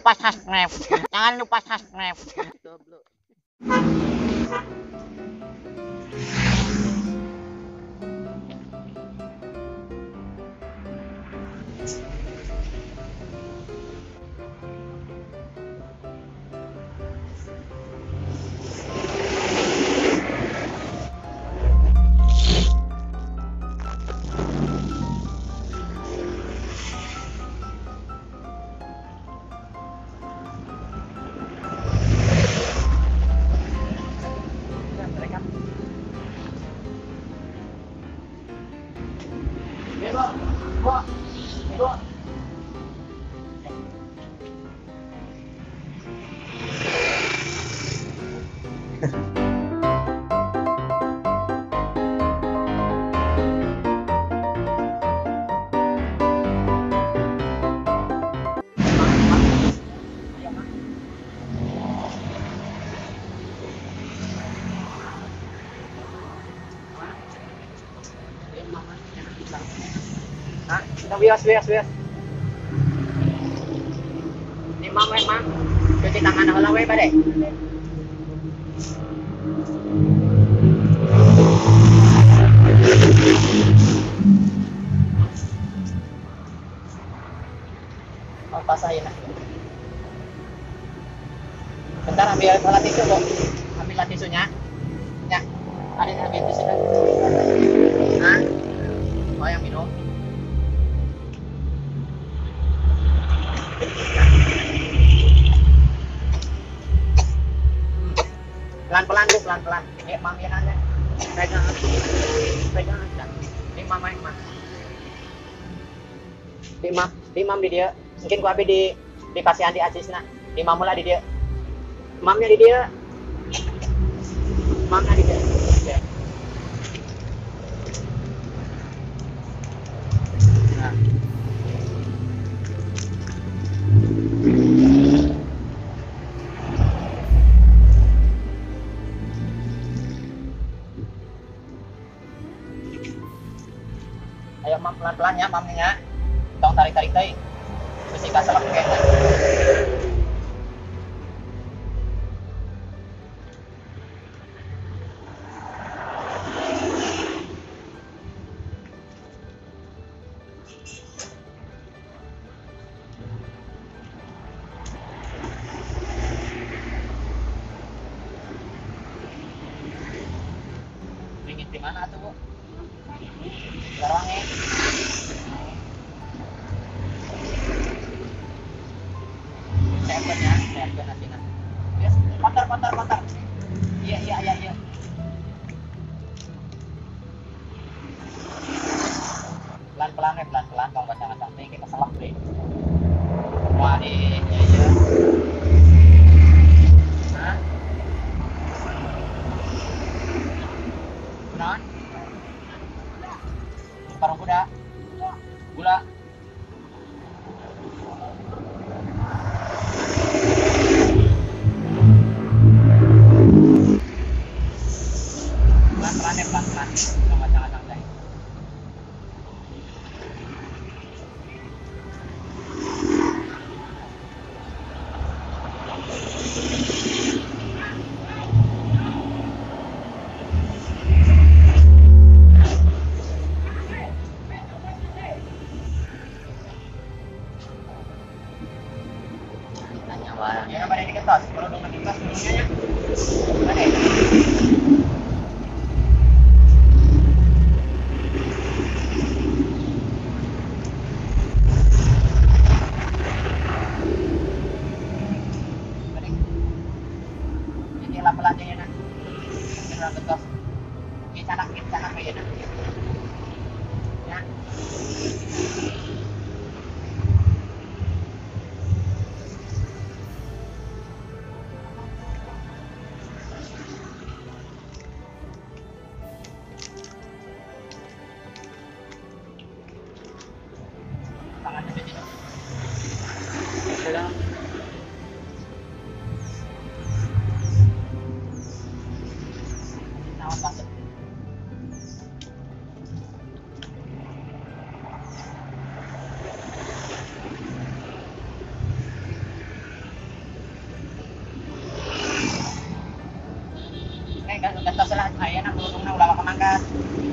lupa subscribe. Jangan lupa subscribe. Nah, bias bias bias ni mang weh mang cuci tangan lah weh badai Oh, pasahin na. Bentar ambil alat tisu, Bu. Ambil alat tisunya. Ya. Ada ambil tisu dulu. lah eh, ini pamirannya pegang pegang aja mama main mah lima lima di dia mungkin gua di di dikasih andi nak lima mula di dia mamnya di dia mamnya di dia pelan pelan ya pelan pelan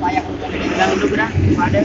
layak untuk dipegang itu benar ada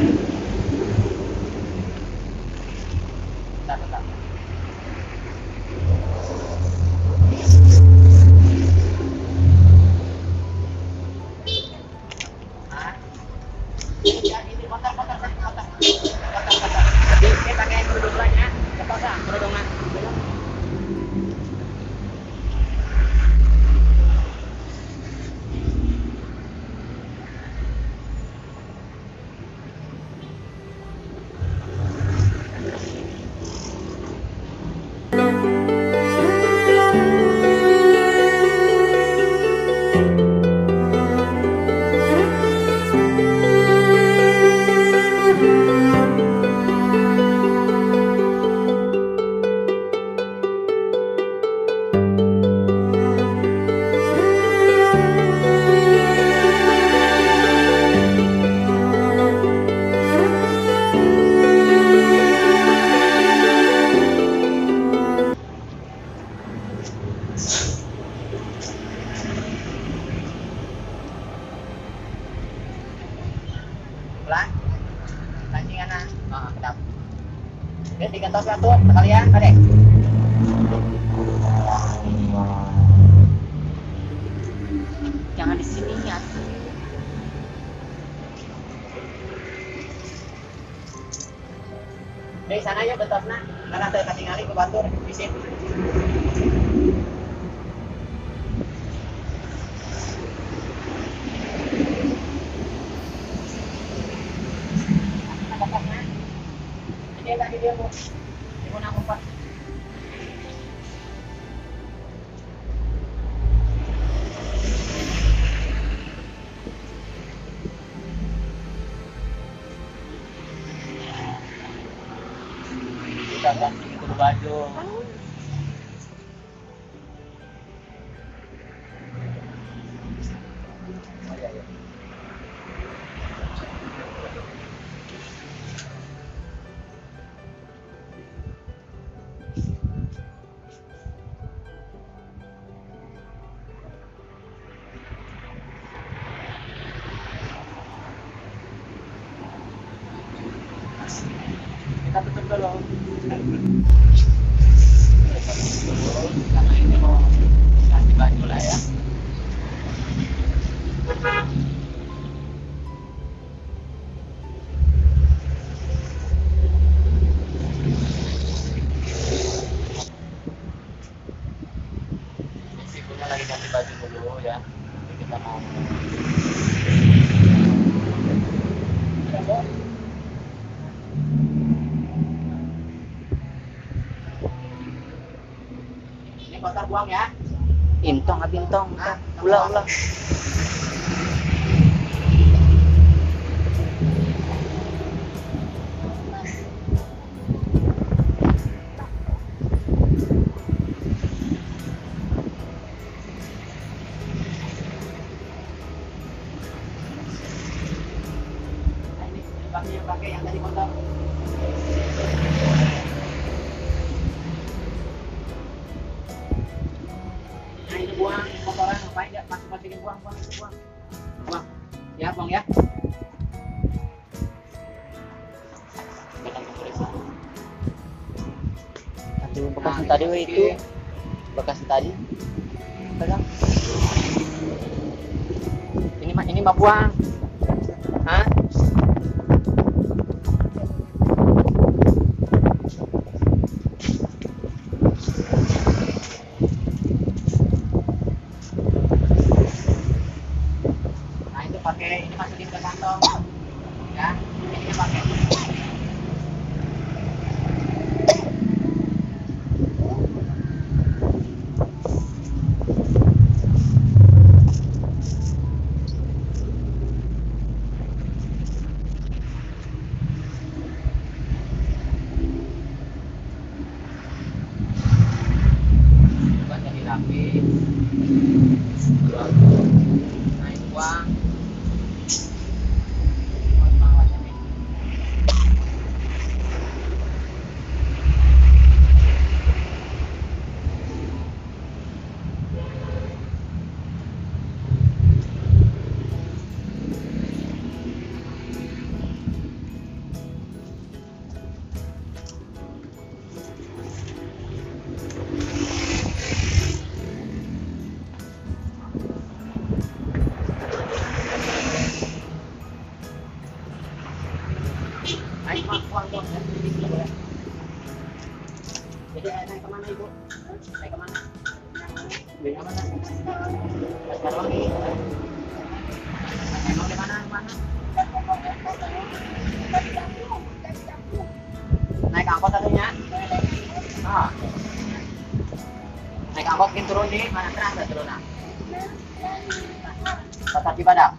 Dari ya betosna, karena ketinggalan ke batur, dagang di Baju. Thank you kata karena ini mau ganti baju lah ya kotor buang ya. Intong abintong, ah, ulah ulah. buang, buang, buang. Buang. Ya, buang ya. bekas nah, tadi itu bekas tadi. Pegang. Ini mah ini mah buang. turun di mana terang tak turun Tetap di badak.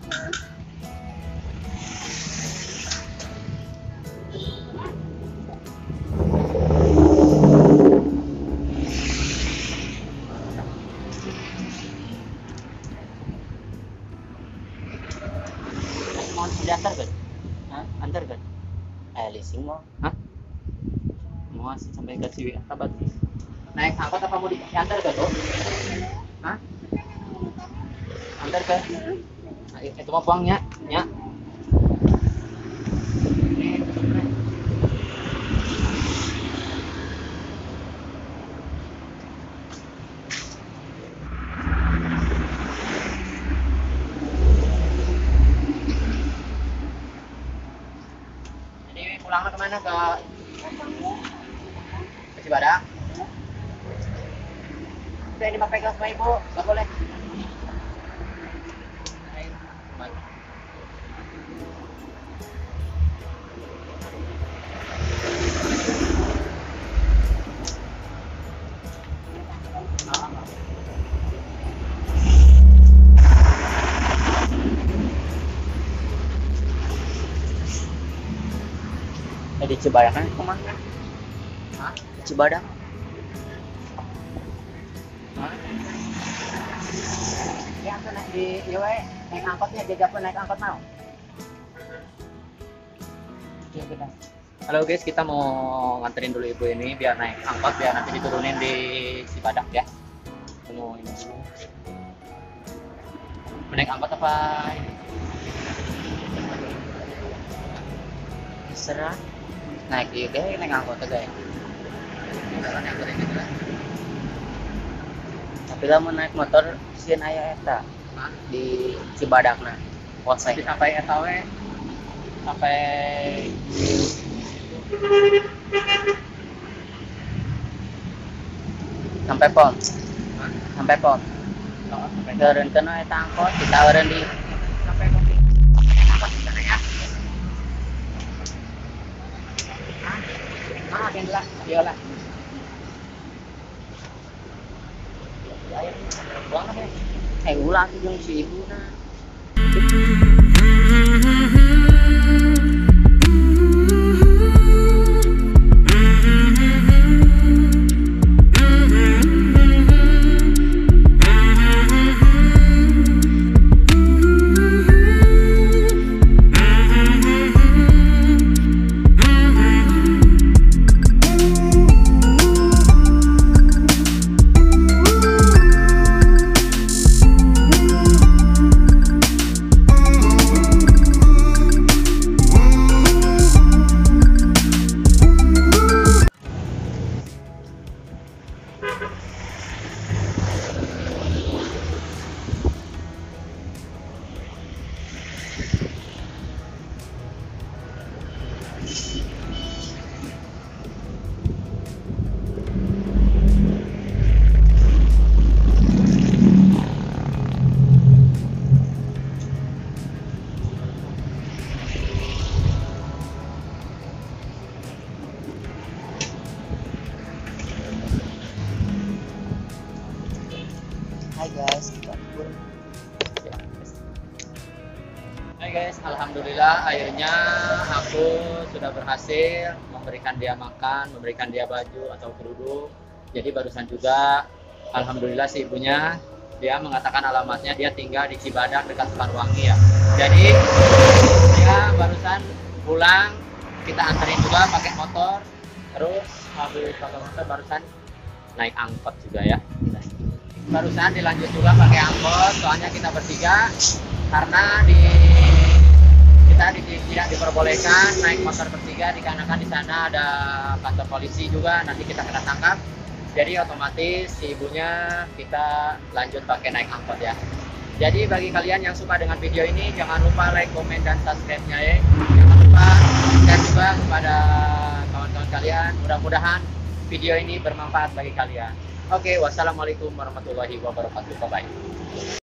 Ayah eh, mau? mo, ha? Mo sampai apa batis naik angkot apa mau diantar ke lo? Hah? Antar ke? Nah, itu mah buangnya. udah ini pegang sama ibu nggak boleh Di kan kemana? Hah? Cibadak. antu naik di ieu naik angkotnya jaga pun naik angkot mau. Oke, kita. Gitu. Halo guys, kita mau nganterin dulu ibu ini biar naik angkot biar nanti diturunin di Cibadak ya. mau ini dulu. Naik angkot apa ini? Serah. Naik iya deh, naik angkot aja ya. Naik angkot ini bila mau naik motor sih naya eta di Cibadakna pose di kafe eta we sampai sampai pom oh, sampai pom Turun kena eta angkot ditawarin di sampai pom Ah, yang lah, yola. quá Hay ngủ ulang yung siho na. berhasil memberikan dia makan, memberikan dia baju atau kerudung. Jadi barusan juga alhamdulillah si ibunya dia mengatakan alamatnya dia tinggal di Cibadak dekat Sukarwangi ya. Jadi dia barusan pulang kita anterin juga pakai motor terus habis pakai motor barusan naik angkot juga ya barusan dilanjut juga pakai angkot soalnya kita bertiga karena di kita di, tidak diperbolehkan naik motor bertiga dikarenakan di sana ada kantor polisi juga nanti kita kena tangkap jadi otomatis si ibunya kita lanjut pakai naik angkot ya jadi bagi kalian yang suka dengan video ini jangan lupa like, komen, dan subscribe-nya ya jangan lupa share juga kepada kawan-kawan kalian mudah-mudahan video ini bermanfaat bagi kalian oke wassalamualaikum warahmatullahi wabarakatuh bye bye